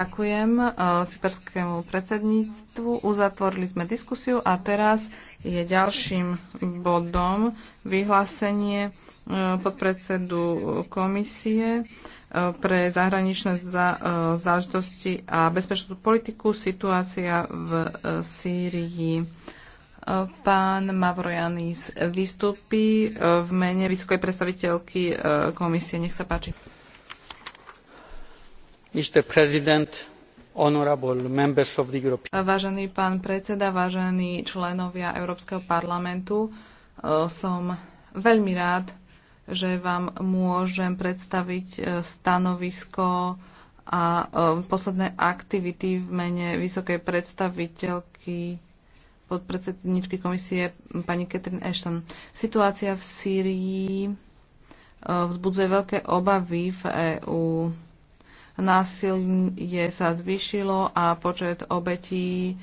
Ďakujem eh, cyperskému predsedníctvu. Uzatvorili sme diskusiu a teraz je ďalším bodom vyhlásenie eh, podpredsedu komisie eh, pre zahraničné záležitosti a bezpečnú politiku situácia v Sýrii. Pán Mavrojanis vystúpi v mene vysokej predstaviteľky komisie. Nech sa páči. Vážený pán predseda, vážení členovia Európskeho parlamentu, e, som veľmi rád, že vám môžem predstaviť e, stanovisko a e, posledné aktivity v mene vysokej predstaviteľky podpredsedničky komisie pani Catherine Ashton. Situácia v Sýrii vzbudzuje veľké obavy v EÚ Násilie sa zvýšilo a počet obetí eh,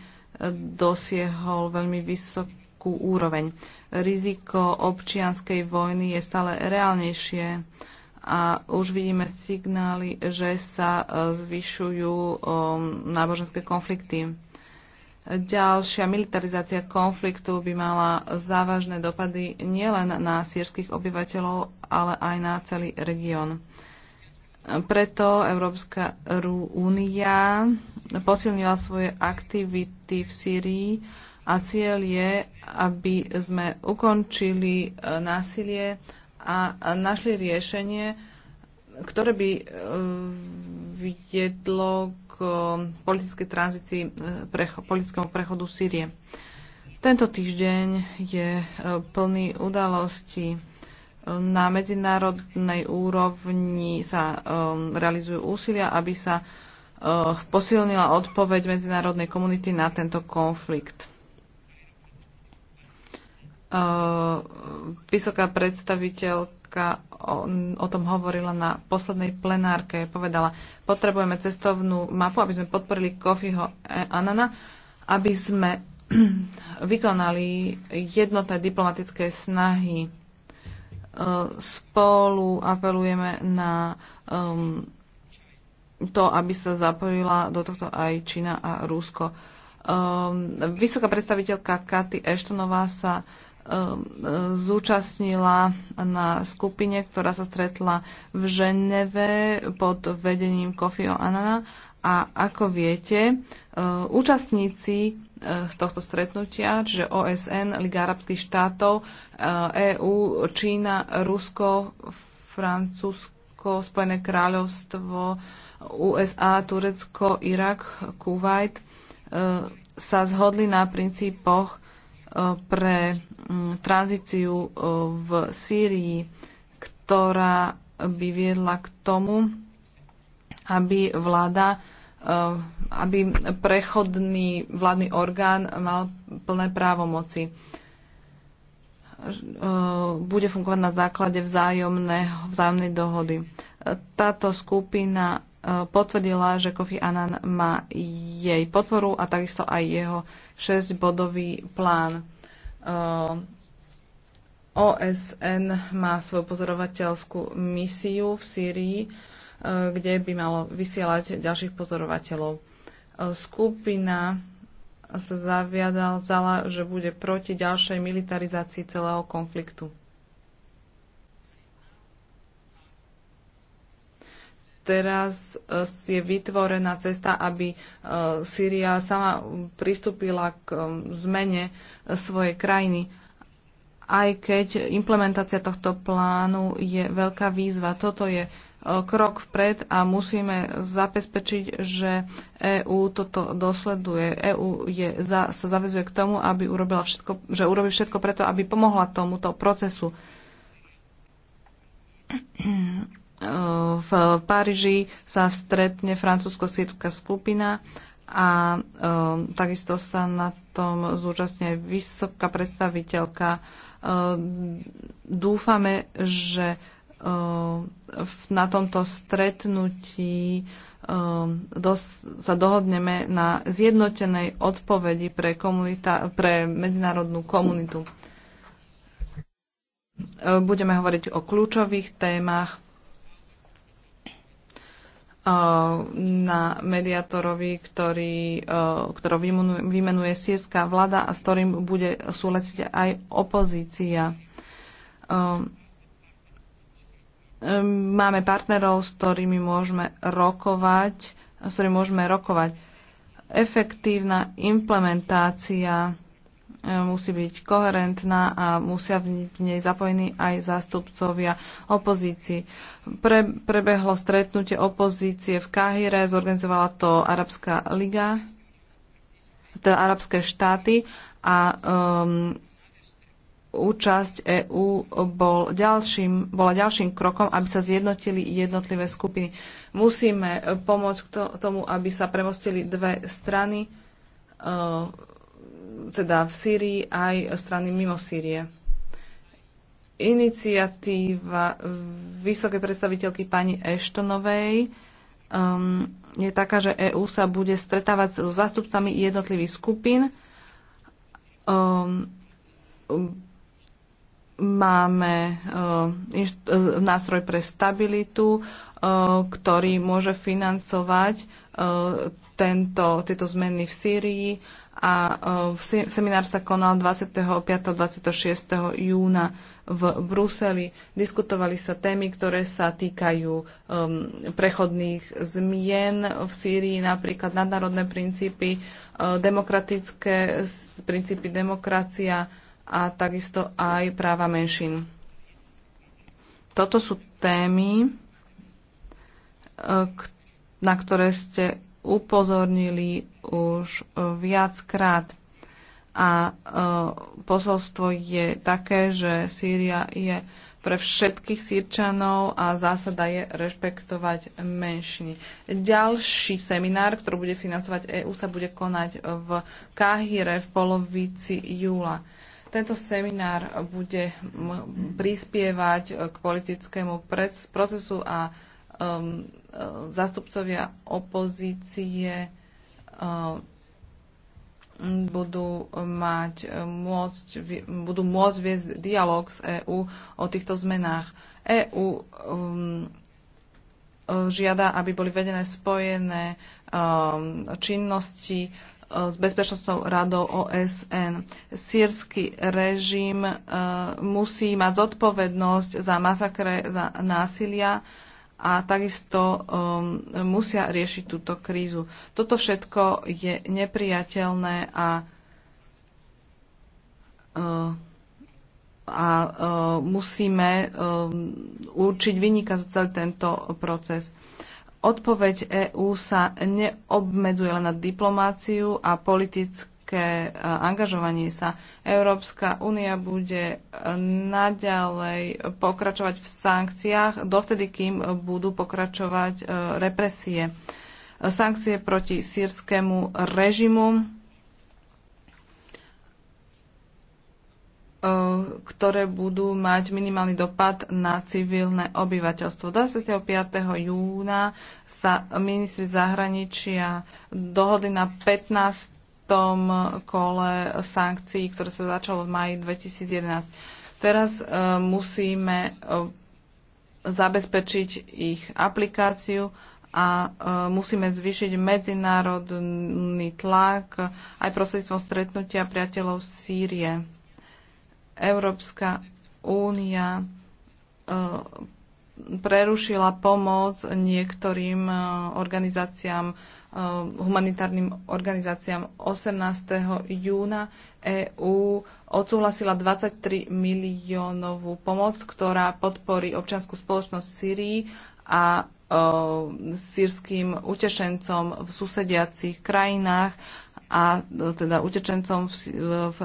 dosiehol veľmi vysokú úroveň. Riziko občianskej vojny je stále reálnejšie a už vidíme signály, že sa eh, zvyšujú ehm, náboženské konflikty. Ďalšia militarizácia konfliktu by mala závažné dopady nielen na sírskych obyvateľov, ale aj na celý región. Preto Európska únia posilnila svoje aktivity v Sýrii a cieľ je, aby sme ukončili e, násilie a našli riešenie, ktoré by e, viedlo k e, politickej tranzícii, precho, politickému prechodu Sýrie. Tento týždeň je plný udalostí na medzinárodnej úrovni sa um, realizujú úsilia, aby sa uh, posilnila odpoveď medzinárodnej komunity na tento konflikt. Uh, vysoká predstaviteľka o, o tom hovorila na poslednej plenárke, povedala, potrebujeme cestovnú mapu, aby sme podporili Kofiho e Anana, aby sme vykonali jednotné diplomatické snahy Spolu apelujeme na um, to, aby sa zapojila do tohto aj Čína a Rusko. Um, vysoká predstaviteľka Katy Eštonová sa um, zúčastnila na skupine, ktorá sa stretla v Ženeve pod vedením Kofio Anana a ako viete, uh, účastníci z eh, tohto stretnutia, že OSN, Liga arabských štátov, EÚ, eh, e Čína, Rusko, Francúzsko, Spojené kráľovstvo, USA, Turecko, Irak, Kuwait eh, sa zhodli na princípoch pre mm, tranzíciu v Sýrii, ktorá by viedla k tomu, aby vláda Eh, aby prechodný vládny orgán mal plné právomoci. Eh, bude fungovať na základe vzájomné, vzájomnej dohody. Eh, táto skupina potvrdila, že Kofi Annan má jej podporu a takisto aj jeho 6-bodový plán. OSN má svoju pozorovateľskú misiu v Sýrii, Eh, kde by malo vysielať ďalších pozorovateľov. Eh, skupina sa zaviadala, že bude proti ďalšej militarizácii celého konfliktu. Teraz eh, je vytvorená cesta, aby Sýria sama pristúpila k zmene svojej krajiny aj keď implementácia tohto plánu je veľká výzva. Toto je krok vpred a musíme zabezpečiť, že EÚ toto dosleduje. EÚ za, sa zavezuje k tomu, aby urobila všetko, že urobí všetko preto, aby pomohla tomuto procesu. V Paríži sa stretne francúzsko-sírska skupina a um, takisto sa na tom zúčastňuje vysoká predstaviteľka. Uh, dúfame, že Eh, na tomto stretnutí eh, sa dohodneme na zjednotenej odpovedi pre, komunita- pre medzinárodnú komunitu. Eh, budeme hovoriť o kľúčových témach na mediátorovi, ktorý, ktorý vymenuje sírská vláda a s ktorým bude súhlasiť aj opozícia. Ehm, máme partnerov, s ktorými môžeme rokovať, s ktorými môžeme rokovať. Efektívna implementácia ehm, musí byť koherentná a musia v nej zapojení aj zástupcovia opozícii. Pre, prebehlo stretnutie opozície v Kahire, zorganizovala to Arabská liga, teda arabské štáty a um, účasť EÚ bol ďalším, bola ďalším krokom, aby sa zjednotili jednotlivé skupiny. Musíme pomôcť k tomu, aby sa premostili dve strany, e, teda v Sýrii aj strany mimo Sýrie. Iniciatíva vysokej predstaviteľky pani Eštonovej um, je taká, že EÚ sa bude stretávať so zástupcami jednotlivých skupín. Um, Máme eh, eh, nástroj pre stabilitu, eh, ktorý môže financovať tento, tieto zmeny v Sýrii a seminár sa konal 25. 26. júna v Bruseli. Diskutovali sa témy, ktoré sa týkajú um, prechodných zmien v Sýrii, napríklad nadnárodné princípy, uh, demokratické princípy demokracia, a takisto aj práva menšín. Toto sú témy, e, na ktoré ste upozornili už viackrát. A e, posolstvo je také, že Sýria je pre všetkých sírčanov a zásada je rešpektovať menšiny. Ďalší seminár, ktorý bude financovať EÚ, sa bude konať v Káhire v polovici júla. Tento seminár bude prispievať e, k politickému procesu a um, e, zastupcovia opozície e, budú mať môcť, budú môcť viesť dialog s EÚ o týchto zmenách. EÚ um, žiada, aby boli vedené spojené um, činnosti s Bezpečnostnou radou OSN. Sýrsky režim e, musí mať zodpovednosť za masakre, za násilia a takisto e, musia riešiť túto krízu. Toto všetko je nepriateľné a e, a musíme určiť vynika za celý tento proces. Odpoveď EÚ sa neobmedzuje len na diplomáciu a politické e, angažovanie sa. Európska únia bude e, naďalej pokračovať v sankciách dovtedy, kým budú pokračovať e, represie. Sankcie proti sírskému režimu E, ktoré budú mať minimálny dopad na civilné obyvateľstvo. 25. júna sa ministri zahraničia dohodli na 15. kole sankcií, ktoré sa začalo v maji 2011. Teraz e, musíme e, zabezpečiť ich aplikáciu a musíme zvýšiť medzinárodný tlak aj prostredstvom stretnutia priateľov Sýrie Európska únia e, prerušila pomoc niektorým e, organizáciám, e, humanitárnym organizáciám 18. júna. EÚ odsúhlasila 23 miliónovú pomoc, ktorá podporí občianskú spoločnosť v Syrii a sírským utešencom v susediacich krajinách a teda utečencom v, v,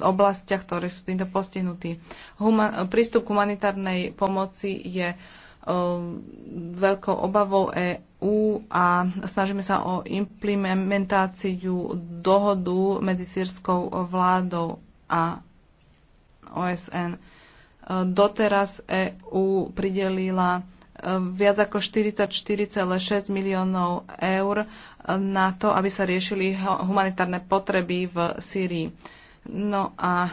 v oblastiach, ktoré sú týmto postihnutí. Human, prístup k humanitárnej pomoci je veľkou obavou EÚ a snažíme sa o implementáciu dohodu medzi sírskou vládou a OSN. Doteraz EÚ pridelila viac ako 44,6 miliónov eur na to, aby sa riešili humanitárne potreby v Sýrii. No a e,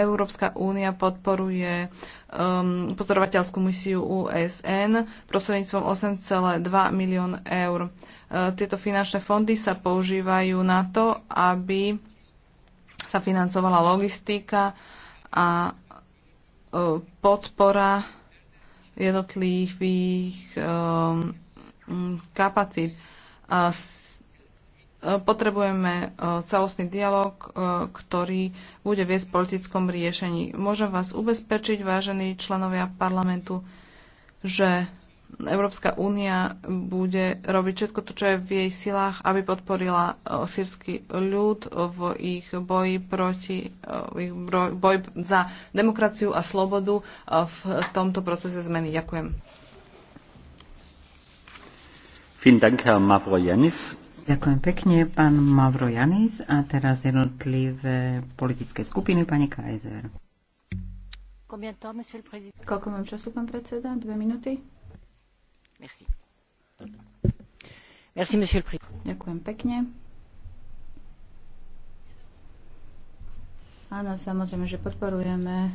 Európska únia podporuje um, pozorovateľskú misiu USN prostredníctvom 8,2 milión eur. E, tieto finančné fondy sa používajú na to, aby sa financovala logistika a e, podpora jednotlivých ehm, mm, kapacít. A e, potrebujeme e, celostný dialog, e, ktorý bude viesť v politickom riešení. Môžem vás ubezpečiť, vážení členovia parlamentu, že Európska únia bude robiť všetko to, čo je v jej silách, aby podporila e, sírsky ľud v ich boji proti, e, ich boj za demokraciu a slobodu e, v tomto procese zmeny. Ďakujem. Ďakujem pekne, pán Mavro Janis. A teraz jednotlivé politické skupiny, pani Kaiser. Koľko mám času, pán predseda? Dve minúty? Ďakujem pekne. Áno, samozrejme, že podporujeme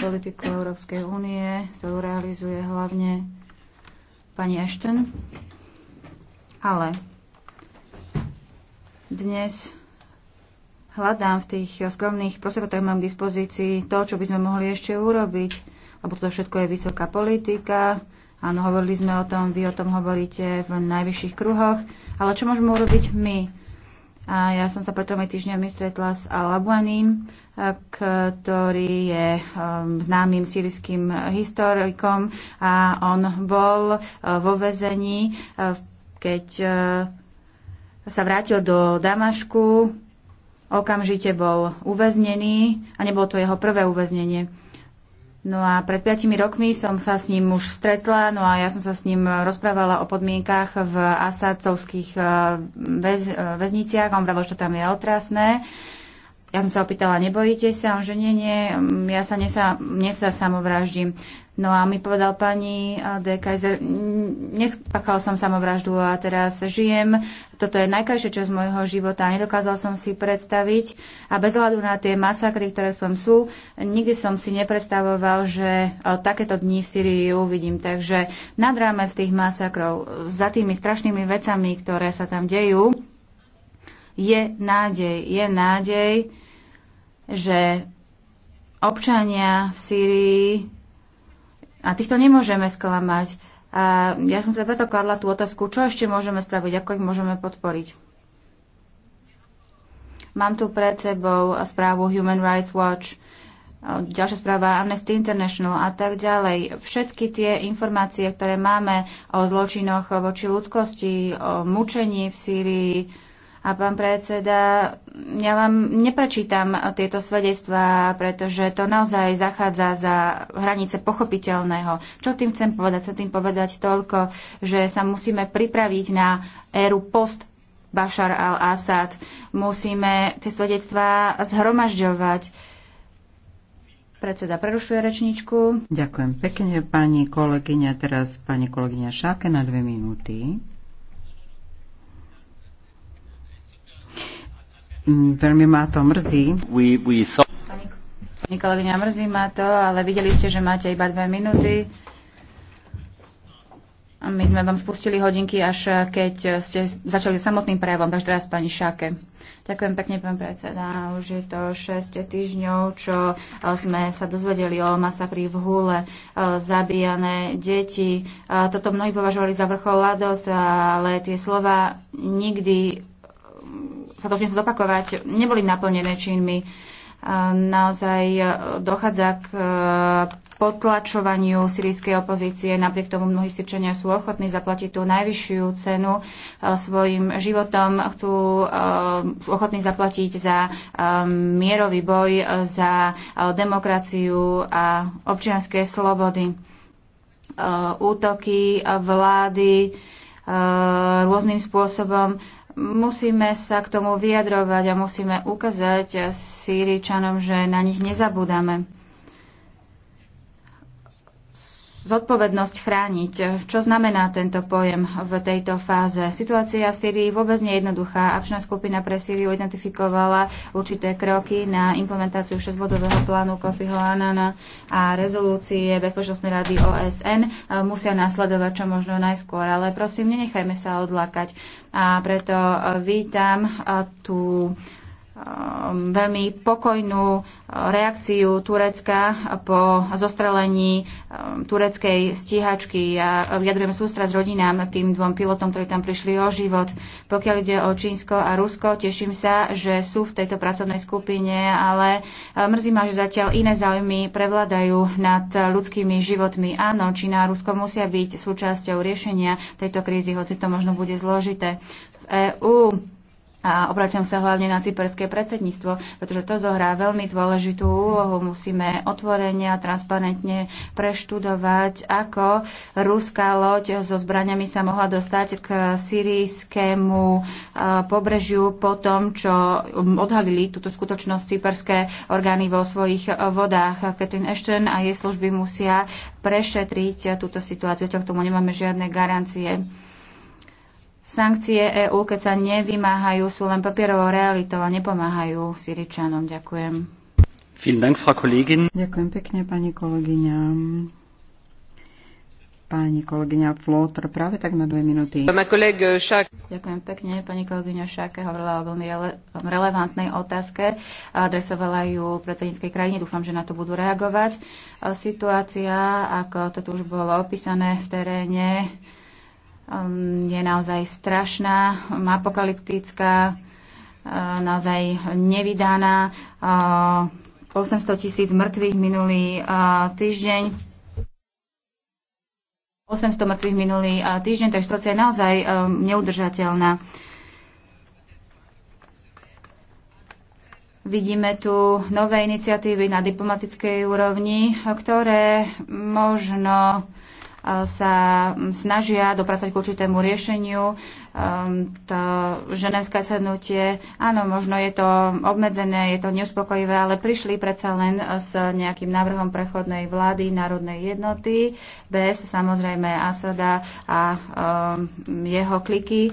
politiku Európskej únie, ktorú realizuje hlavne pani Ashton. Ale dnes hľadám v tých skromných prostriedkoch, ktoré mám k dispozícii, to, čo by sme mohli ešte urobiť, lebo to všetko je vysoká politika, Áno, hovorili sme o tom, vy o tom hovoríte v najvyšších kruhoch, ale čo môžeme urobiť my? A ja som sa pred tromi týždňami stretla s al ktorý je um, známym sírským historikom a on bol uh, vo vezení, uh, keď uh, sa vrátil do Damašku, okamžite bol uväznený a nebolo to jeho prvé uväznenie. No a pred 5 rokmi som sa s ním už stretla, no a ja som sa s ním rozprávala o podmienkach v asadovských e, väz, e, väzniciach. On vravil, že tam je otrasné. Ja som sa opýtala, nebojíte sa? On že nie, nie, ja sa, nesa, nesa samovraždím. No a mi povedal pani D Kaiser, nespáchal som samovraždu a teraz žijem. Toto je najkrajšia časť môjho života. Nedokázal som si predstaviť a bez hľadu na tie masakry, ktoré som sú, nikdy som si nepredstavoval, že takéto dni v Syrii uvidím. Takže nad rámec tých masakrov, za tými strašnými vecami, ktoré sa tam dejú, je nádej. Je nádej, že občania v Syrii a týchto nemôžeme sklamať. A ja som sa preto kladla tú otázku, čo ešte môžeme spraviť, ako ich môžeme podporiť. Mám tu pred sebou správu Human Rights Watch, ďalšia správa Amnesty International a tak ďalej. Všetky tie informácie, ktoré máme o zločinoch voči ľudskosti, o mučení v Sýrii, a pán predseda, ja vám neprečítam tieto svedectvá, pretože to naozaj zachádza za hranice pochopiteľného. Čo tým chcem povedať? Chcem tým povedať toľko, že sa musíme pripraviť na éru post Bashar al-Assad. Musíme tie svedectvá zhromažďovať. Predseda prerušuje rečničku. Ďakujem pekne, pani kolegyňa. Teraz pani kolegyňa Šáke na dve minúty. Mm, veľmi ma to mrzí. We, we saw... Pani kolegyňa, mrzí ma to, ale videli ste, že máte iba dve minúty. My sme vám spustili hodinky, až keď ste začali samotným prejavom, takže teraz pani Šáke. Ďakujem pekne, pán predseda. Už je to 6 týždňov, čo e, sme sa dozvedeli o masakri v Hule, e, zabíjane deti. E, toto mnohí považovali za vrchol ľadosť, ale tie slova nikdy sa to už zopakovať, neboli naplnené činmi. Naozaj e, dochádza k e, potlačovaniu sírijskej opozície. Napriek tomu mnohí Sirčania sú ochotní zaplatiť tú najvyššiu cenu e, svojim životom. Chcú sú ochotní zaplatiť za mierový boj, za demokraciu a občianské slobody. Útoky vlády rôznym spôsobom Musíme sa k tomu vyjadrovať a musíme ukázať Sýričanom, že na nich nezabúdame zodpovednosť chrániť. Čo znamená tento pojem v tejto fáze? Situácia v Syrii vôbec nie je jednoduchá. Akčná skupina pre Syriu identifikovala určité kroky na implementáciu 6-bodového plánu Kofiho Anana a rezolúcie Bezpečnostnej rady OSN e, musia nasledovať čo možno najskôr. Ale prosím, nenechajme sa odlakať. A preto e, vítam e, tú Um, veľmi pokojnú uh, reakciu Turecka po zostrelení um, tureckej stíhačky ja vyjadrujem sústra s rodinám tým dvom pilotom, ktorí tam prišli o život. Pokiaľ ide o Čínsko a Rusko, teším sa, že sú v tejto pracovnej skupine, ale uh, mrzí ma, že zatiaľ iné záujmy prevládajú nad ľudskými životmi. Áno, Čína a Rusko musia byť súčasťou riešenia tejto krízy, hoci to možno bude zložité. V EU a obraciam sa hlavne na cyperské predsedníctvo, pretože to zohrá veľmi dôležitú úlohu. Musíme otvorene a transparentne preštudovať, ako ruská loď so zbraniami sa mohla dostať k syrijskému e, pobrežiu po tom, čo odhalili túto skutočnosť cyperské orgány vo svojich vodách. Catherine Ashton a jej služby musia prešetriť túto situáciu, k tomu nemáme žiadne garancie. Sankcie EÚ, keď sa nevymáhajú, sú len papierovou realitou a nepomáhajú Syričanom. Ďakujem. Dank, Frau Ďakujem pekne, pani kolegyňa. Pani kolegyňa Flotr, práve tak na dve minúty. Ďakujem pekne. Pani kolegyňa Šáke hovorila o veľmi rele- relevantnej otázke. Adresovala ju predsedníckej krajine. Dúfam, že na to budú reagovať. Situácia, ako to tu už bolo opísané v teréne, Um, je naozaj strašná, apokalyptická, uh, naozaj nevydaná. 800 uh, tisíc mŕtvych minulý uh, týždeň. 800 mŕtvych minulý týždeň, takže situácia je naozaj um, neudržateľná. Vidíme tu nové iniciatívy na diplomatickej úrovni, ktoré možno sa snažia dopracovať k určitému riešeniu. Um, to ženevské sednutie, áno, možno je to obmedzené, je to neuspokojivé, ale prišli predsa len s nejakým návrhom prechodnej vlády národnej jednoty, bez samozrejme Asada a um, jeho kliky.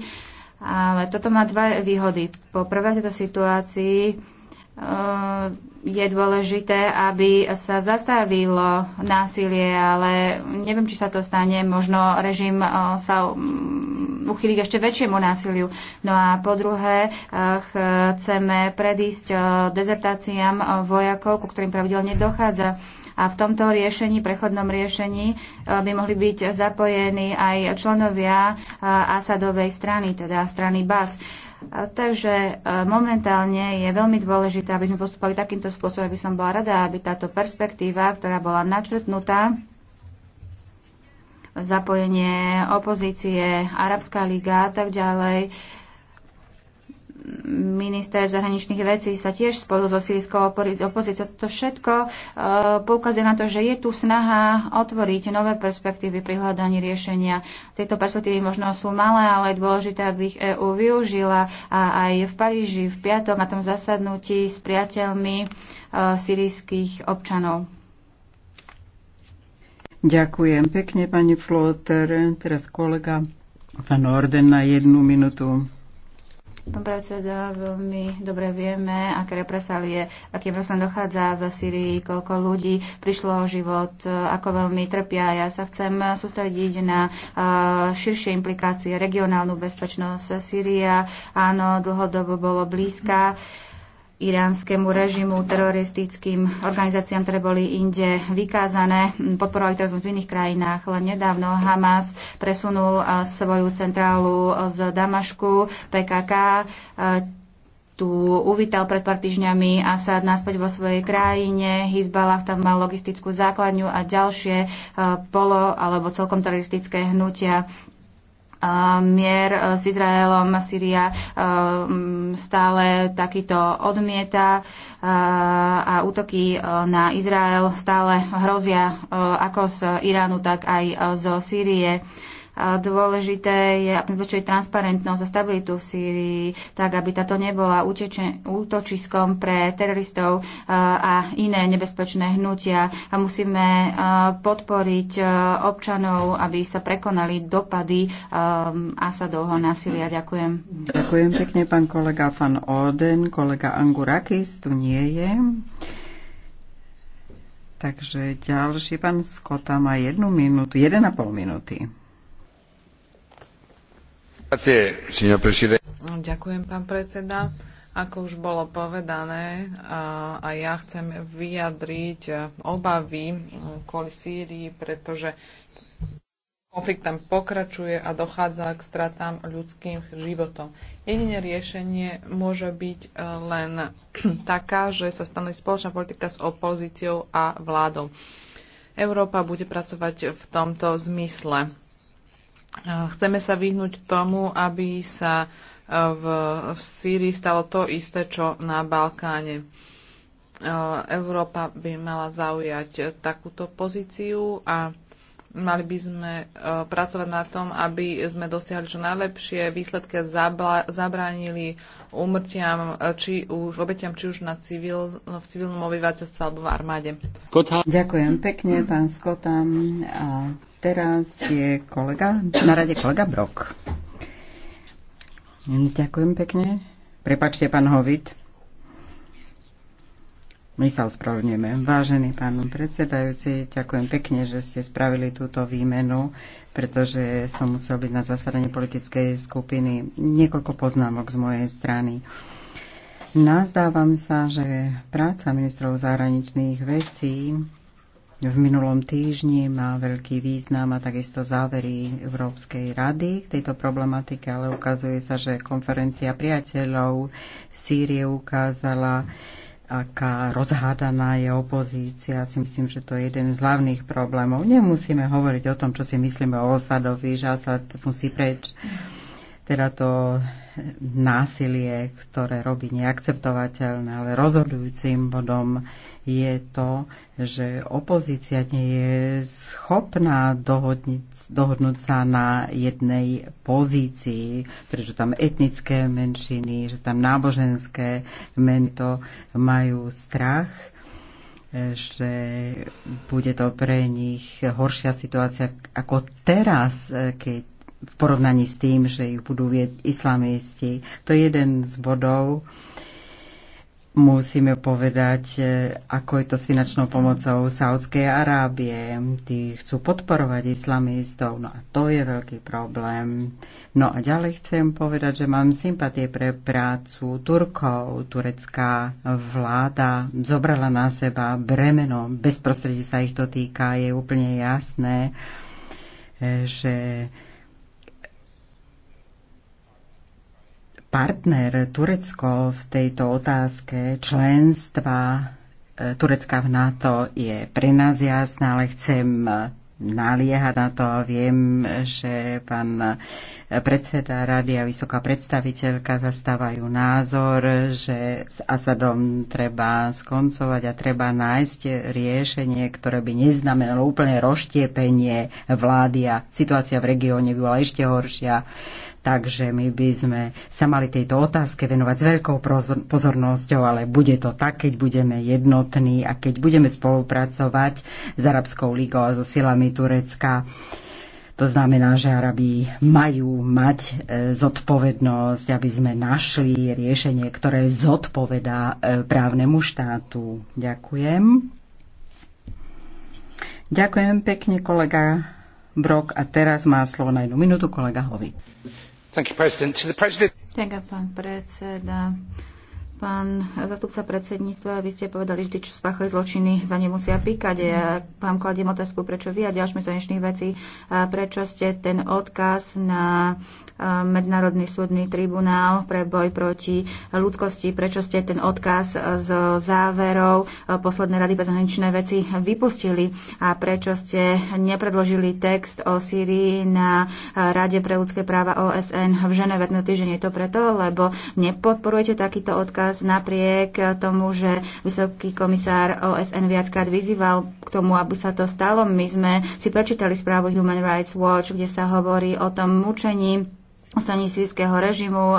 Ale toto má dva výhody. Po prvé, tejto situácii uh, je dôležité, aby sa zastavilo násilie, ale neviem, či sa to stane. Možno režim eh, sa mm, uchýli k ešte väčšiemu násiliu. No a po druhé, eh, chceme predísť eh, dezertáciám vojakov, ku ktorým pravidelne dochádza. A v tomto riešení, prechodnom riešení, by mohli byť zapojení aj členovia Asadovej strany, teda strany BAS. Takže e, momentálne je veľmi dôležité, aby sme postupali takýmto spôsobom, aby som bola rada, aby táto perspektíva, ktorá bola načrtnutá, zapojenie opozície, Arabská liga a tak ďalej, minister zahraničných vecí sa tiež spolu so sírskou opozíciou. To všetko e, poukazuje na to, že je tu snaha otvoriť nové perspektívy pri hľadaní riešenia. Tieto perspektívy možno sú malé, ale je dôležité, aby ich EÚ využila a aj v Paríži v piatok na tom zasadnutí s priateľmi e, sírijských občanov. Ďakujem pekne, pani Flotter. Teraz kolega Van Orden na jednu minútu. Pán predseda, veľmi dobre vieme, aké represálie, akým vrsan dochádza v Syrii, koľko ľudí prišlo o život, ako veľmi trpia. Ja sa chcem sústrediť na širšie implikácie, regionálnu bezpečnosť. Sýria, áno, dlhodobo bolo blízka. Mm iránskemu režimu, teroristickým organizáciám, ktoré boli inde vykázané, podporovali teraz v iných krajinách. Len nedávno Hamas presunul eh, svoju centrálu eh, z Damašku, PKK, eh, tu uvítal pred pár týždňami Asad naspäť vo svojej krajine, Hizbalah tam mal logistickú základňu a ďalšie polo alebo celkom teroristické hnutia mier e, s Izraelom, Syria e, stále takýto odmieta e, a útoky na Izrael stále hrozia ako z Iránu, tak aj zo Sýrie. Dôležité je sme transparentnosť a stabilitu v Sýrii, tak aby táto nebola utečen- útočiskom pre teroristov a iné nebezpečné hnutia. A musíme podporiť občanov, aby sa prekonali dopady um, Asadovho násilia. Ďakujem. Ďakujem pekne, pán kolega Fan Oden. Kolega Angurakis tu nie je. Takže ďalší pán Skota má jednu minútu, jeden a pol minúty. Ďakujem, pán predseda. Ako už bolo povedané, a, ja chcem vyjadriť e, obavy kvôli Sýrii, pretože konflikt tam pokračuje a dochádza k stratám ľudským životom. Jediné riešenie môže byť e, len taká, že sa stanoví spoločná politika s opozíciou a vládou. Európa bude pracovať v tomto zmysle. Chceme sa vyhnúť tomu, aby sa e, v, v Sýrii stalo to isté, čo na Balkáne. E, Európa by mala zaujať takúto pozíciu a mali by sme e, pracovať na tom, aby sme dosiahli čo najlepšie výsledky a zabránili umrtiam, či už obetiam, či už na civil, v civilnom obyvateľstve alebo v armáde. Ďakujem pekne, pán Skotam. A Teraz je kolega, na rade kolega Brok. Ďakujem pekne. Prepačte, pán Hovit. My sa ospravedlňujeme. Vážený pán predsedajúci, ďakujem pekne, že ste spravili túto výmenu, pretože som musel byť na zasadení politickej skupiny. Niekoľko poznámok z mojej strany. Nazdávam sa, že práca ministrov zahraničných vecí v minulom týždni má veľký význam a takisto závery Európskej rady k tejto problematike, ale ukazuje sa, že konferencia priateľov Sýrie ukázala, aká rozhádaná je opozícia. Si myslím, že to je jeden z hlavných problémov. Nemusíme hovoriť o tom, čo si myslíme o Osadovi, že Asad musí preč. Teda to násilie, ktoré robí neakceptovateľné, ale rozhodujúcim bodom je to, že opozícia nie je schopná dohodniť, dohodnúť sa na jednej pozícii, pretože tam etnické menšiny, že tam náboženské mento majú strach že bude to pre nich horšia situácia ako teraz, keď v porovnaní s tým, že ich budú vieť islamisti. To je jeden z bodov. Musíme povedať, e, ako je to s finančnou pomocou Saudskej Arábie. Tí chcú podporovať islamistov, no a to je veľký problém. No a ďalej chcem povedať, že mám sympatie pre prácu Turkov. Turecká vláda zobrala na seba bremeno, bezprostredne sa ich to týka, je úplne jasné, e, že partner Turecko v tejto otázke členstva e, Turecka v NATO je pre nás jasná, ale chcem naliehať na to. a Viem, že pán predseda rady a vysoká predstaviteľka zastávajú názor, že s Asadom treba skoncovať a treba nájsť riešenie, ktoré by neznamenalo úplne roštiepenie vlády a situácia v regióne by bola ešte horšia. Takže my by sme sa mali tejto otázke venovať s veľkou pozornosťou, ale bude to tak, keď budeme jednotní a keď budeme spolupracovať s Arabskou ligou a so silami Turecka. To znamená, že Arabi majú mať e, zodpovednosť, aby sme našli riešenie, ktoré zodpovedá e, právnemu štátu. Ďakujem. Ďakujem pekne, kolega Brok. A teraz má slovo na jednu minútu kolega Hovi. Ďakujem, pán predseda. Pán zastupca predsedníctva, vy ste povedali, že tí, čo spáchali zločiny, za ne musia píkať. Ja vám kladiem otázku, prečo vy a ďalšmi dnešných vecí, prečo ste ten odkaz na Medzinárodný súdny tribunál pre boj proti ľudskosti, prečo ste ten odkaz z záverov poslednej rady pre zahraničné veci vypustili a prečo ste nepredložili text o Sýrii na Rade pre ľudské práva OSN v Ženeve na týždeň. Je to preto, lebo nepodporujete takýto odkaz čas napriek tomu, že vysoký komisár OSN viackrát vyzýval k tomu, aby sa to stalo. My sme si prečítali správu Human Rights Watch, kde sa hovorí o tom mučení strany sírskeho režimu,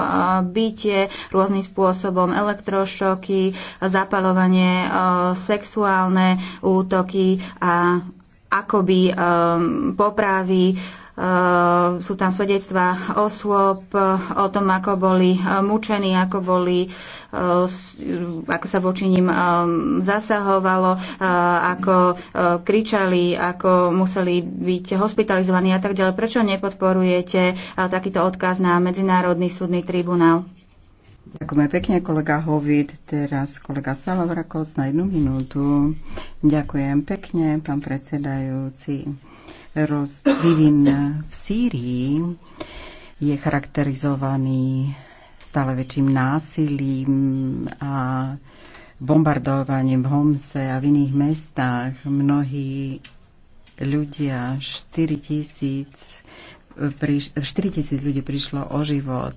bytie rôznym spôsobom, elektrošoky, zapalovanie sexuálne útoky a akoby um, popravy Ehm, sú tam svedectvá osôb eh, o tom, ako boli eh, mučení, ako, boli, eh, ako sa voči ním ehm, zasahovalo, ako kričali, ako museli byť hospitalizovaní a tak ďalej. Prečo nepodporujete takýto odkaz na Medzinárodný súdny tribunál? Ďakujeme pekne, kolega Hovid. Teraz kolega Salavrakos na jednu minútu. Ďakujem pekne, pán predsedajúci roz, v Sýrii je charakterizovaný stále väčším násilím a bombardovaním v Homse a v iných mestách. Mnohí ľudia, 4 tisíc, 4 tisíc ľudí prišlo o život.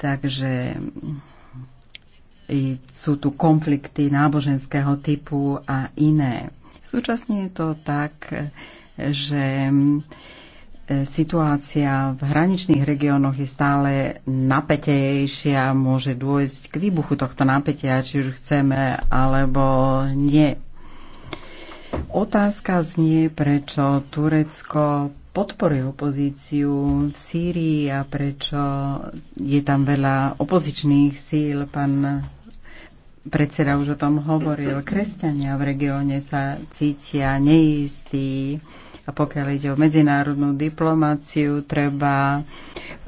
Takže sú tu konflikty náboženského typu a iné. Súčasne je to tak, že mm, e, situácia v hraničných regiónoch je stále napätejšia, môže dôjsť k výbuchu tohto napätia, či už chceme alebo nie. Otázka znie, prečo Turecko podporuje opozíciu v Sýrii a prečo je tam veľa opozičných síl. Pán predseda už o tom hovoril. Kresťania v regióne sa cítia neistí a pokiaľ ide o medzinárodnú diplomáciu, treba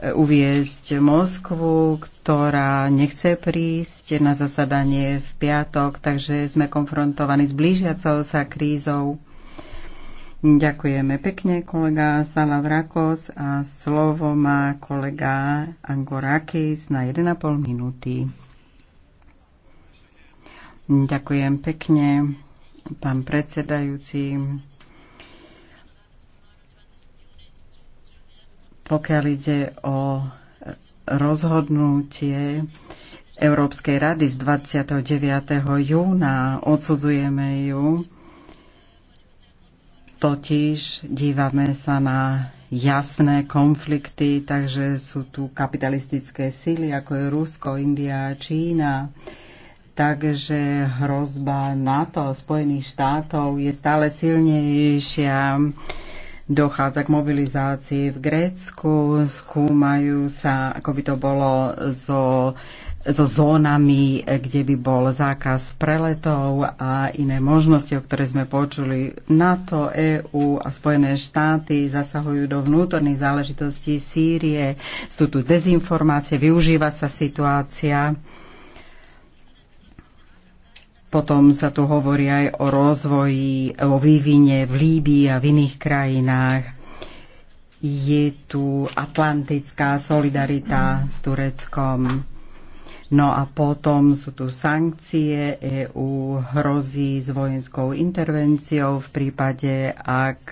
e, uviezť Moskvu, ktorá nechce prísť na zasadanie v piatok, takže sme konfrontovaní s blížiacou sa krízou. Ďakujeme pekne, kolega Vrakos a slovo má kolega Angorakis na 1,5 minúty. Ďakujem pekne, pán predsedajúci. pokiaľ ide o rozhodnutie Európskej rady z 29. júna. Odsudzujeme ju, totiž dívame sa na jasné konflikty, takže sú tu kapitalistické síly, ako je Rusko, India a Čína. Takže hrozba NATO, Spojených štátov je stále silnejšia dochádza k mobilizácii v Grécku, skúmajú sa, ako by to bolo so, so zónami, kde by bol zákaz preletov a iné možnosti, o ktoré sme počuli. NATO, EÚ a Spojené štáty zasahujú do vnútorných záležitostí Sýrie, sú tu dezinformácie, využíva sa situácia potom sa tu hovorí aj o rozvoji, o vývine v Líbii a v iných krajinách. Je tu atlantická solidarita s Tureckom. No a potom sú tu sankcie. EU hrozí s vojenskou intervenciou v prípade, ak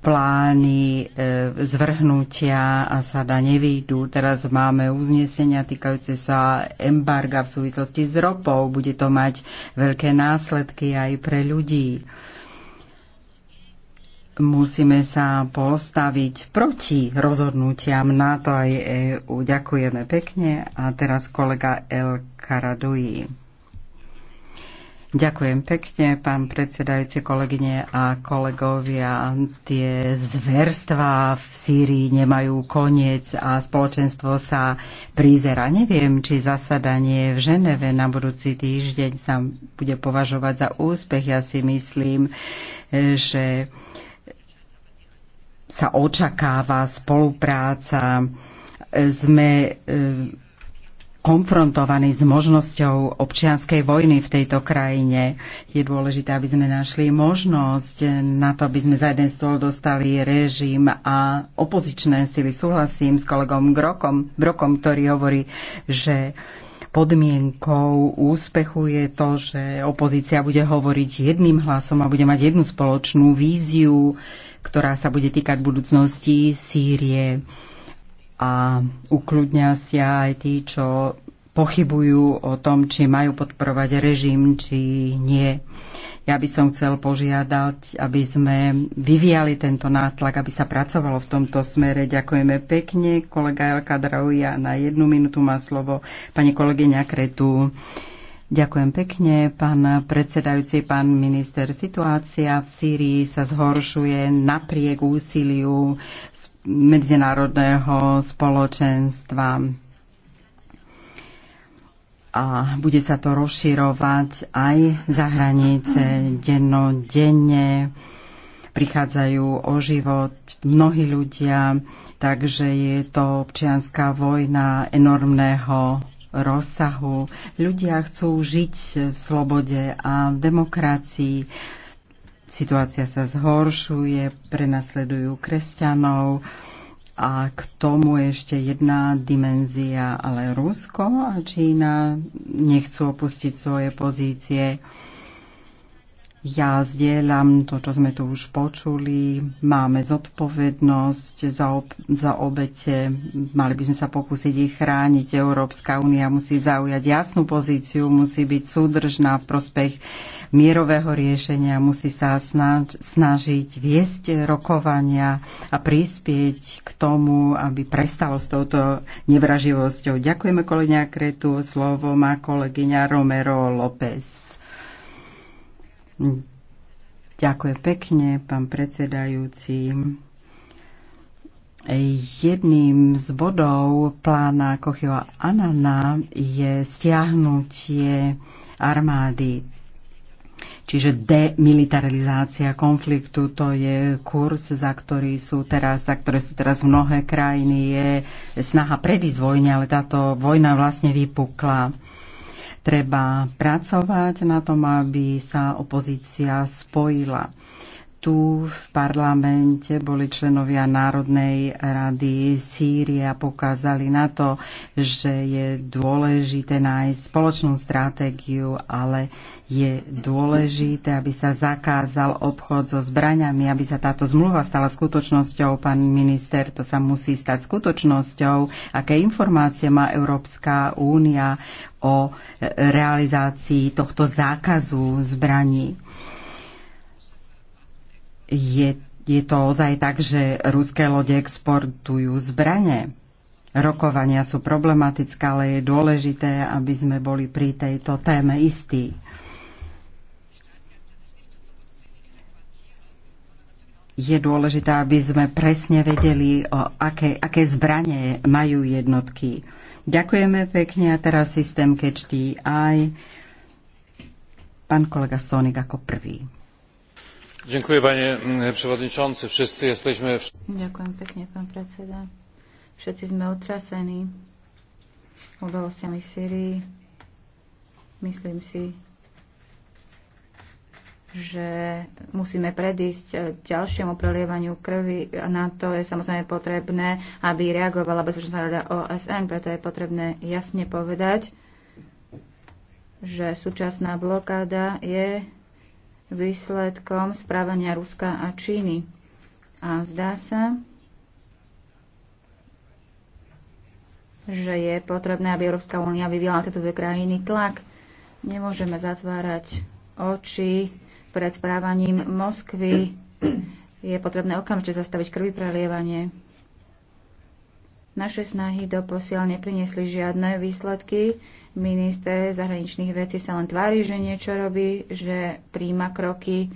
plány e, zvrhnutia Asada nevýjdu. Teraz máme uznesenia týkajúce sa embarga v súvislosti s ropou. Bude to mať veľké následky aj pre ľudí. Musíme sa postaviť proti rozhodnutiam na to aj EU. Ďakujeme pekne. A teraz kolega El Karaduji. Ďakujem pekne, pán predsedajúci, kolegyne a kolegovia. Tie zverstva v Sýrii nemajú koniec a spoločenstvo sa prízera. Neviem, či zasadanie v Ženeve na budúci týždeň sa bude považovať za úspech. Ja si myslím, že sa očakáva spolupráca. Sme e, konfrontovaní s možnosťou občianskej vojny v tejto krajine. Je dôležité, aby sme našli možnosť na to, aby sme za jeden stôl dostali režim a opozičné sily. Súhlasím s kolegom Grokom, Brokom, ktorý hovorí, že podmienkou úspechu je to, že opozícia bude hovoriť jedným hlasom a bude mať jednu spoločnú víziu, ktorá sa bude týkať budúcnosti Sýrie a ukludňa sa aj tí, čo pochybujú o tom, či majú podporovať režim, či nie. Ja by som chcel požiadať, aby sme vyvíjali tento nátlak, aby sa pracovalo v tomto smere. Ďakujeme pekne. Kolega Elka Drauja na jednu minútu má slovo. Pani kolegyňa Kretu. Ďakujem pekne, pán predsedajúci, pán minister. Situácia v Sýrii sa zhoršuje napriek úsiliu medzinárodného spoločenstva a bude sa to rozširovať aj za hranice dennodenne. Prichádzajú o život mnohí ľudia, takže je to občianská vojna enormného rozsahu. Ľudia chcú žiť v slobode a v demokracii. Situácia sa zhoršuje, prenasledujú kresťanov a k tomu ešte jedna dimenzia, ale Rusko a Čína nechcú opustiť svoje pozície. Ja zdieľam to, čo sme tu už počuli. Máme zodpovednosť za, ob- za obete. Mali by sme sa pokúsiť ich chrániť. Európska únia musí zaujať jasnú pozíciu, musí byť súdržná v prospech mierového riešenia, musí sa snaž- snažiť viesť rokovania a prispieť k tomu, aby prestalo s touto nevraživosťou. Ďakujeme kolegyňa Kretu. Slovo má kolegyňa Romero López. Ďakujem pekne, pán predsedajúci. Jedným z bodov plána Kochio Anana je stiahnutie armády, čiže demilitarizácia konfliktu. To je kurz, za, ktorý sú teraz, za ktoré sú teraz mnohé krajiny. Je snaha predísť vojne, ale táto vojna vlastne vypukla Treba pracovať na tom, aby sa opozícia spojila tu v parlamente boli členovia Národnej rady Sýrie a pokázali na to, že je dôležité nájsť spoločnú stratégiu, ale je dôležité, aby sa zakázal obchod so zbraňami, aby sa táto zmluva stala skutočnosťou. Pán minister, to sa musí stať skutočnosťou. Aké informácie má Európska únia o realizácii tohto zákazu zbraní? Je, je to ozaj tak, že ruské lode exportujú zbranie. Rokovania sú problematické, ale je dôležité, aby sme boli pri tejto téme istí. je dôležité, aby sme presne vedeli, o aké, aké zbranie majú jednotky. Ďakujeme pekne a teraz systém kečtí aj pán kolega Sonik ako prvý. Ďakujem, mm, Wszyscy jesteśmy... Ďakujem pekne, pán predseda. Všetci sme otrasení udalosťami v Syrii. Myslím si, že musíme predísť ďalšiemu prelievaniu krvi. a Na to je samozrejme potrebné, aby reagovala Bezpečnostná rada OSN, preto je potrebné jasne povedať, že súčasná blokáda je výsledkom správania Ruska a Číny. A zdá sa, že je potrebné, aby Európska únia vyvíjala tieto dve krajiny tlak. Nemôžeme zatvárať oči pred správaním Moskvy. Je potrebné okamžite zastaviť krvi prelievanie. Naše snahy doposiaľ nepriniesli žiadne výsledky. Minister zahraničných vecí sa len tvári, že niečo robí, že príjma kroky.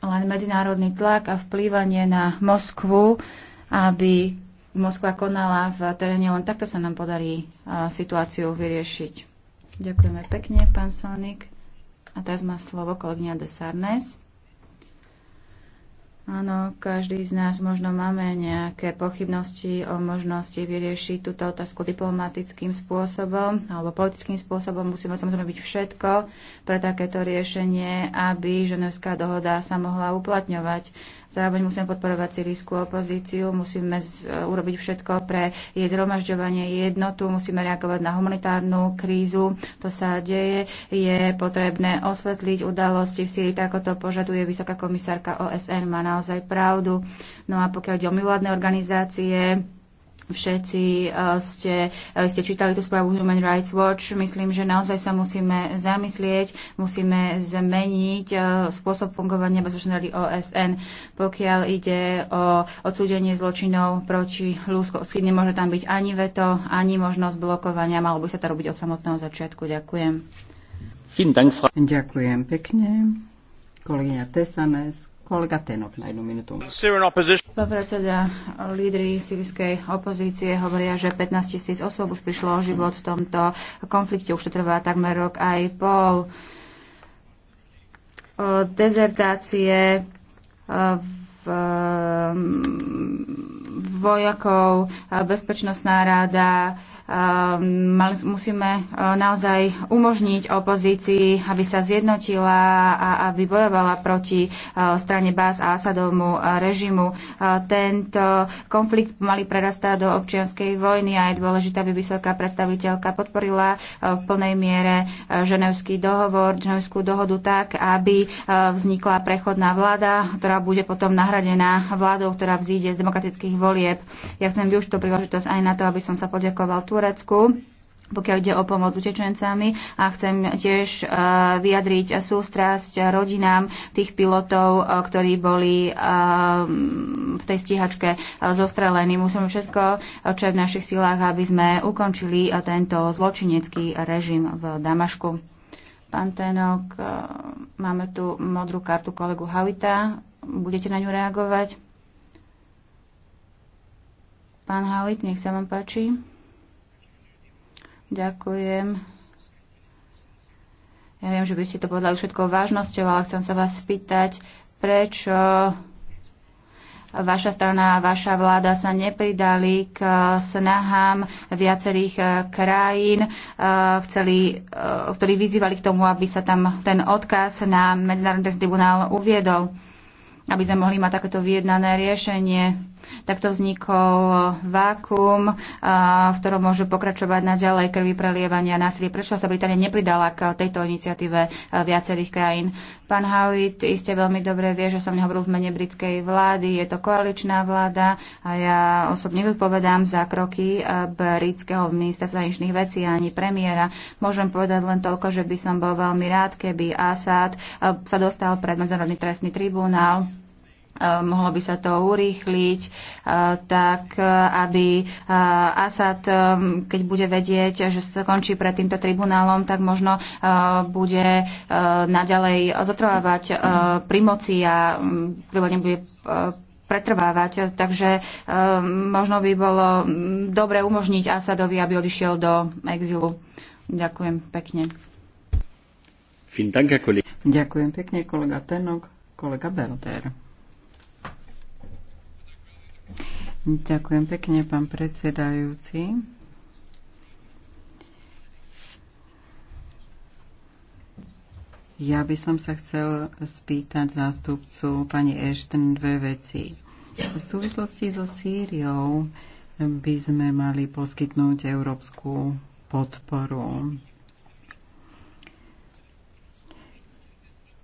Len medzinárodný tlak a vplývanie na Moskvu, aby Moskva konala v teréne, len takto sa nám podarí situáciu vyriešiť. Ďakujeme pekne, pán Sonik. A teraz má slovo kolegyňa de Sarnes. Áno, každý z nás možno máme nejaké pochybnosti o možnosti vyriešiť túto otázku diplomatickým spôsobom alebo politickým spôsobom. Musíme samozrejme byť všetko pre takéto riešenie, aby ženevská dohoda sa mohla uplatňovať. Zároveň musíme podporovať sírijskú opozíciu, musíme e, urobiť všetko pre jej zhromažďovanie jednotu, musíme reagovať na humanitárnu krízu. To sa deje. Je potrebné osvetliť udalosti v Sýrii, tak ako to požaduje vysoká komisárka OSN. Má naozaj pravdu. No a pokiaľ ide o mimovládne organizácie, Všetci eh, ste, eh, ste čítali tú správu Human Rights Watch. Myslím, že naozaj sa musíme zamyslieť, musíme zmeniť eh, spôsob fungovania Bezpečnej rady OSN, pokiaľ ide o odsúdenie zločinov proti ľudskosti. Nemôže tam byť ani veto, ani možnosť blokovania. Malo by sa to robiť od samotného začiatku. Ďakujem. Ďakujem pekne. Kolegyňa Tesanesk. Kolega Tenok na jednu minútu. lídry sírskej opozície hovoria, že 15 tisíc osôb už prišlo o život v tomto konflikte. Už to trvá takmer rok aj pol. Dezertácie e, v e, vojakov, e, bezpečnostná rada, Ehm, musíme e, naozaj umožniť opozícii, aby sa zjednotila a aby bojovala proti e, strane Bás a Asadovmu e, režimu. Tento konflikt mali prerastá do občianskej vojny a je dôležité, aby vysoká predstaviteľka podporila v plnej miere ženevský dohovor, ženevskú dohodu tak, aby vznikla prechodná vláda, ktorá bude potom nahradená vládou, ktorá vzíde z demokratických volieb. Ja chcem využiť tú príležitosť aj na to, aby som sa podiakoval tu Turecku pokiaľ ide o pomoc utečencami a chcem tiež e, vyjadriť sústrasť rodinám tých pilotov, e, ktorí boli e, v tej stíhačke zostrelení. Musíme všetko, čo je v našich silách, aby sme ukončili tento zločinecký režim v Damašku. Pán Tenok, máme tu modrú kartu kolegu Havita. Budete na ňu reagovať? Pán Havit, nech sa vám páči. Ďakujem. Ja viem, že by ste to povedali všetko vážnosťou, ale chcem sa vás spýtať, prečo vaša strana a vaša vláda sa nepridali k snahám viacerých eh, krajín, eh, chceli, eh, ktorí vyzývali k tomu, aby sa tam ten odkaz na Medzinárodný tribunál uviedol, aby sme mohli mať takéto vyjednané riešenie. Takto vznikol vákum, v ktorom môžu pokračovať naďalej krvi prelievania a násilie. Prečo sa Británia nepridala k tejto iniciatíve e, viacerých krajín? Pán Howitt iste veľmi dobre vie, že som nehovoril v mene britskej vlády. Je to koaličná vláda a ja osobne zodpovedám za kroky e, britského ministerstva zahraničných vecí ani premiéra. Môžem povedať len toľko, že by som bol veľmi rád, keby Assad e, sa dostal pred Medzinárodný trestný tribunál Eh, mohlo by sa to urýchliť, eh, tak eh, aby Asad, keď bude vedieť, že sa končí pred týmto tribunálom, tak možno bude naďalej zotrvávať pri moci a mm, prípadne bude pretrvávať. Takže možno by bolo mm, dobre umožniť Asadovi, aby odišiel do exilu. Ďakujem pekne. Ďakujem pekne, kolega Tenok, kolega Belter. Ďakujem pekne, pán predsedajúci. Ja by som sa chcel spýtať zástupcu pani Ashton dve veci. V súvislosti so Sýriou by sme mali poskytnúť európsku podporu.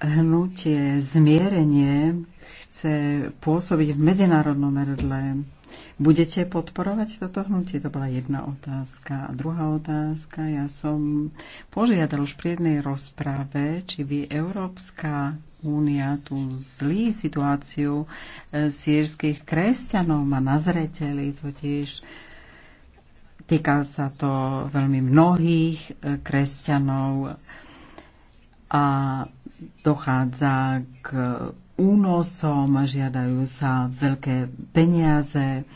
Hnutie zmierenie chce pôsobiť v medzinárodnom meradle Budete podporovať toto hnutie? To bola jedna otázka. A druhá otázka, ja som požiadal už pri jednej rozprave, či by Európska únia tú zlý situáciu e, sírskych kresťanov má nazreteli, totiž týka sa to veľmi mnohých e, kresťanov a dochádza k únosom, žiadajú sa veľké peniaze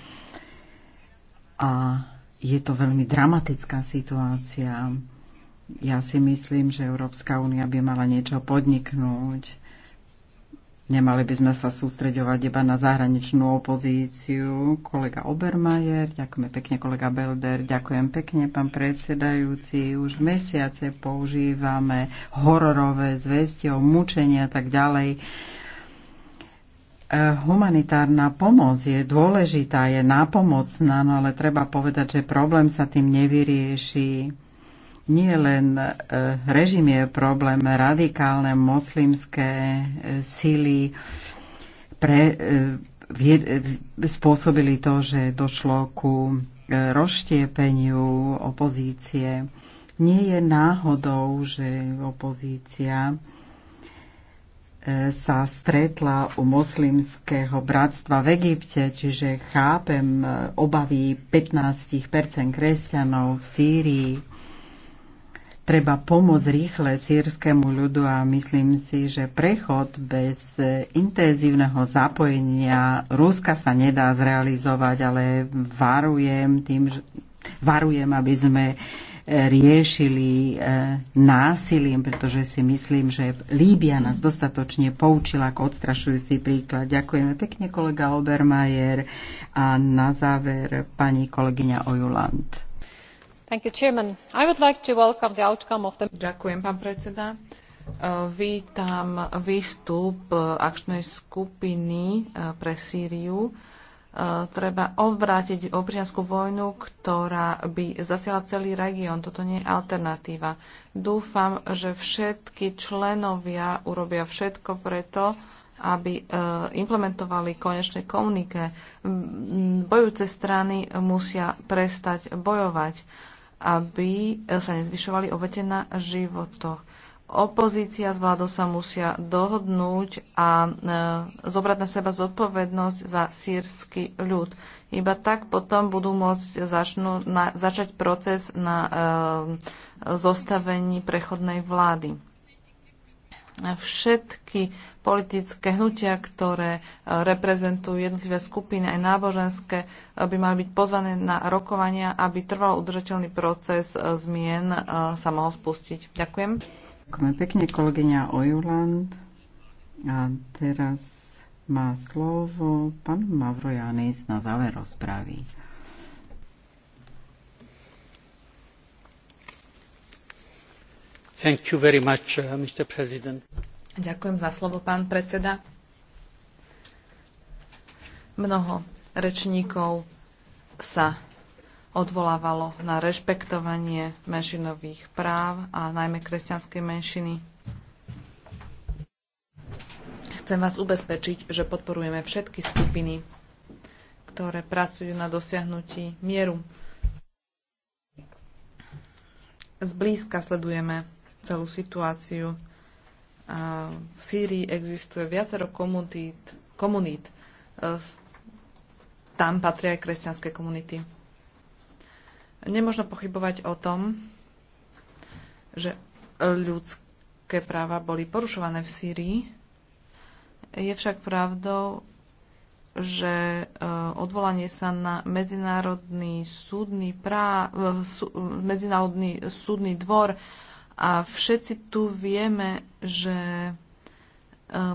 a je to veľmi dramatická situácia. Ja si myslím, že Európska únia by mala niečo podniknúť. Nemali by sme sa sústreďovať iba na zahraničnú opozíciu. Kolega Obermajer, ďakujeme pekne, kolega Belder, ďakujem pekne, pán predsedajúci. Už mesiace používame hororové zvesti o mučenia a tak ďalej humanitárna pomoc je dôležitá, je nápomocná, no ale treba povedať, že problém sa tým nevyrieši. Nie len e, režim je problém, radikálne moslimské e, síly pre, e, spôsobili to, že došlo ku rozštiepeniu opozície. Nie je náhodou, že opozícia sa stretla u moslimského bratstva v Egypte, čiže chápem e, obavy 15 kresťanov v Sýrii. Treba pomôcť rýchle sírskému ľudu a myslím si, že prechod bez e, intenzívneho zapojenia Ruska sa nedá zrealizovať, ale varujem, tým, varujem aby sme riešili e, násilím, pretože si myslím, že Líbia nás dostatočne poučila ako odstrašujúci príklad. Ďakujeme pekne kolega Obermajer a na záver pani kolegyňa Ojuland. You, like the... Ďakujem, pán predseda. E, vítam výstup e, akčnej skupiny pre Sýriu treba obrátiť občianskú vojnu, ktorá by zasiala celý región. Toto nie je alternatíva. Dúfam, že všetky členovia urobia všetko preto, aby e, implementovali konečné komunike. Bojúce strany musia prestať bojovať, aby e, sa nezvyšovali obete na životoch opozícia s vládou sa musia dohodnúť a e, zobrať na seba zodpovednosť za sírsky ľud. Iba tak potom budú môcť začnú, na, začať proces na e, zostavení prechodnej vlády. Všetky politické hnutia, ktoré e, reprezentujú jednotlivé skupiny, aj náboženské, e, by mali byť pozvané na rokovania, aby trvalo udržateľný proces zmien sa mohol spustiť. Ďakujem. Ďakujeme pekne, kolegyňa Ojuland. A teraz má slovo pán Mavrojanis na záver rozpravy. Thank you very much, uh, Mr. President. Ďakujem za slovo, pán predseda. Mnoho rečníkov sa odvolávalo na rešpektovanie menšinových práv a najmä kresťanskej menšiny. Chcem vás ubezpečiť, že podporujeme všetky skupiny, ktoré pracujú na dosiahnutí mieru. Zblízka sledujeme celú situáciu. V Sýrii existuje viacero komunít, komunít. E, tam patria aj kresťanské komunity. Nemôžno pochybovať o tom, že ľudské práva boli porušované v Sýrii. Je však pravdou, že eh, odvolanie sa na Medzinárodný súdny, prá, eh, sú, Medzinárodný súdny dvor a všetci tu vieme, že eh,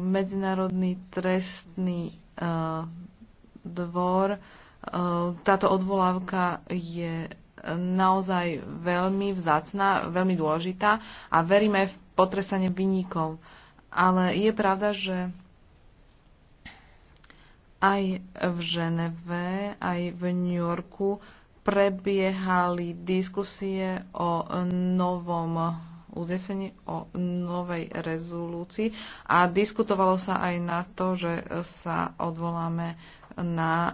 Medzinárodný trestný dvor, táto odvolávka je naozaj veľmi vzácna, veľmi dôležitá a veríme v potrestanie vyníkov. Ale je pravda, že aj v Ženeve, aj v New Yorku prebiehali diskusie o novom uznesení, o novej rezolúcii a diskutovalo sa aj na to, že sa odvoláme na e,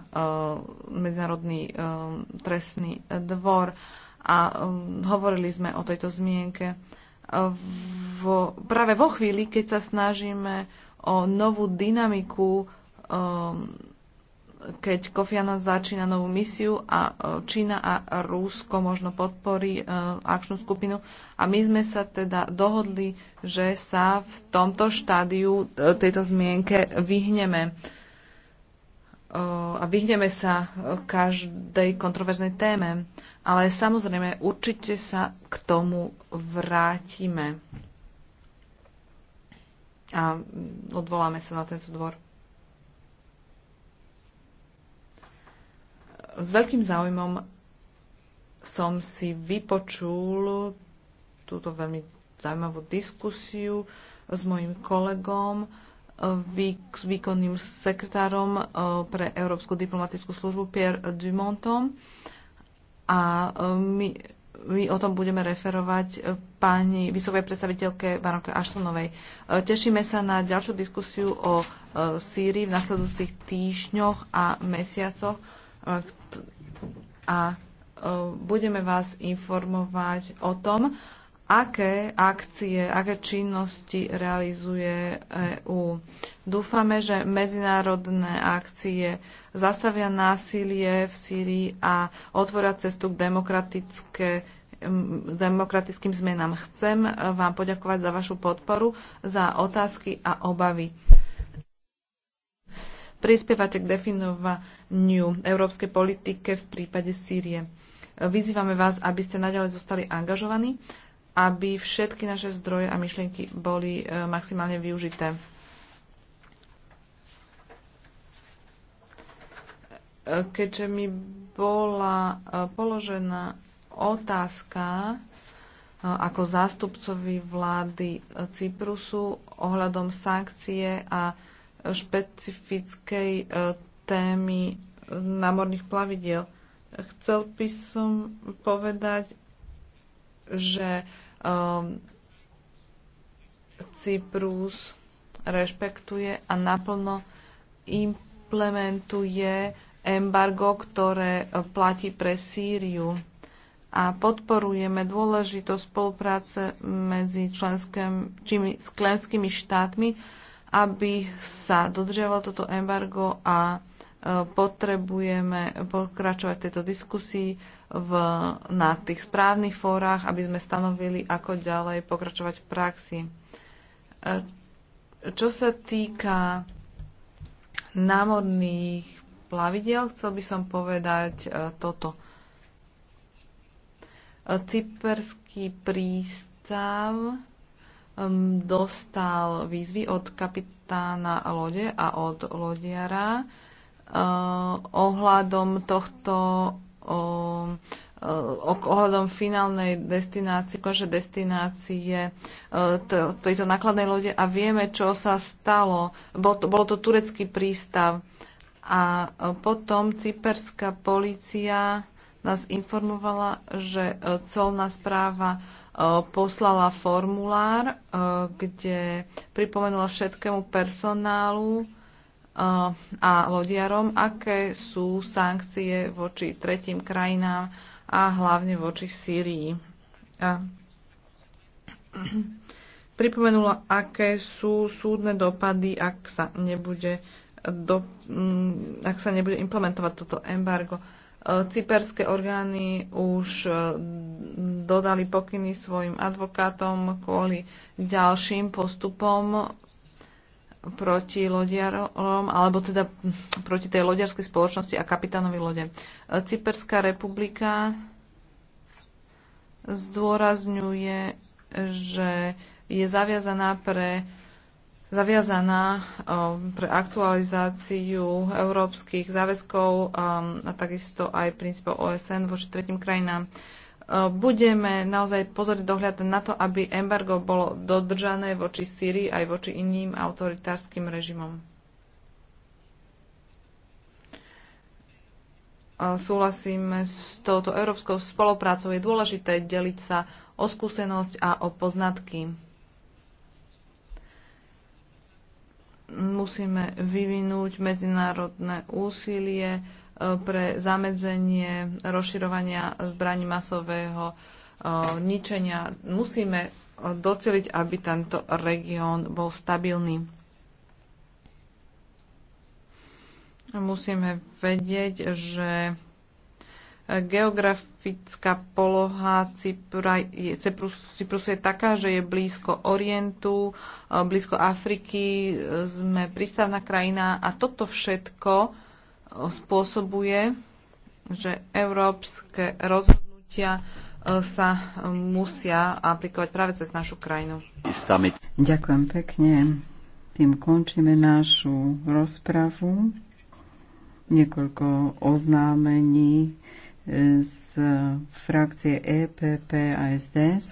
Medzinárodný e, trestný dvor a e, hovorili sme o tejto zmienke vo, práve vo chvíli, keď sa snažíme o novú dynamiku, keď Kofiana začína novú misiu a Čína a Rúsko možno podporí akčnú skupinu. A my sme sa teda dohodli, že sa v tomto štádiu tejto zmienke vyhneme a vyhneme sa každej kontroverznej téme. Ale samozrejme, určite sa k tomu vrátime. A odvoláme sa na tento dvor. S veľkým záujmom som si vypočul túto veľmi zaujímavú diskusiu s mojim kolegom s výkonným sekretárom eh, pre Európsku diplomatickú službu Pierre Dumontom a eh, my, my o tom budeme referovať eh, pani vysokej predstaviteľke Baronke Aštonovej. Tešíme sa na ďalšiu diskusiu o Sýrii v nasledujúcich týždňoch a mesiacoch a budeme vás informovať o tom, aké akcie, aké činnosti realizuje EÚ. Dúfame, že medzinárodné akcie zastavia násilie v Sýrii a otvoria cestu k demokratické demokratickým zmenám. Chcem vám poďakovať za vašu podporu, za otázky a obavy. Prispievate k definovaniu európskej politike v prípade Sýrie. Vyzývame vás, aby ste naďalej zostali angažovaní aby všetky naše zdroje a myšlienky boli e, maximálne využité. E, keďže mi bola e, položená otázka ako zástupcovi vlády Cyprusu ohľadom sankcie a špecifickej témy námorných plavidiel. Chcel by som povedať, že um, Cyprus rešpektuje a naplno implementuje embargo, ktoré eh, platí pre Sýriu a podporujeme dôležitosť spolupráce medzi členskými, členskými štátmi, aby sa dodržiavalo toto embargo a eh, potrebujeme pokračovať tejto diskusii v, na tých správnych fórach, aby sme stanovili, ako ďalej pokračovať v praxi. E, čo sa týka námorných plavidiel, chcel by som povedať e, toto. E, cyperský prístav dostal výzvy od kapitána lode a od lodiara ohľadom tohto o, o ohľadom finálnej destinácie, konže destinácie e, tejto nákladnej lode a vieme, čo sa stalo. Bol to, bolo to turecký prístav a e, potom cyperská policia nás informovala, že e, colná správa poslala formulár, kde pripomenula všetkému personálu, a lodiarom, aké sú sankcie voči tretím krajinám a hlavne voči Sýrii. pripomenula, aké sú súdne dopady, ak sa nebude, do, mm, ak sa nebude implementovať toto embargo. E, cyperské orgány už e, dodali pokyny svojim advokátom kvôli ďalším postupom proti lodiarom, alebo teda proti tej lodiarskej spoločnosti a kapitánovi lode. Cyperská republika zdôrazňuje, že je zaviazaná pre zaviazaná um, pre aktualizáciu európskych záväzkov um, a takisto aj princípov OSN voči tretím krajinám budeme naozaj pozorne dohľadať na to, aby embargo bolo dodržané voči Syrii aj voči iným autoritárskym režimom. Súhlasíme s touto európskou spoluprácou. Je dôležité deliť sa o skúsenosť a o poznatky. Musíme vyvinúť medzinárodné úsilie, pre zamedzenie rozširovania zbraní masového e, ničenia. Musíme e, doceliť, aby tento región bol stabilný. Musíme vedieť, že geografická poloha Cypra, Cyprus, Cyprusu je taká, že je blízko Orientu, e, blízko Afriky, sme prístavná krajina a toto všetko spôsobuje, že európske rozhodnutia e, sa musia aplikovať práve cez našu krajinu. Ďakujem pekne. Tým končíme našu rozpravu. Niekoľko oznámení e, z frakcie EPP a SDS.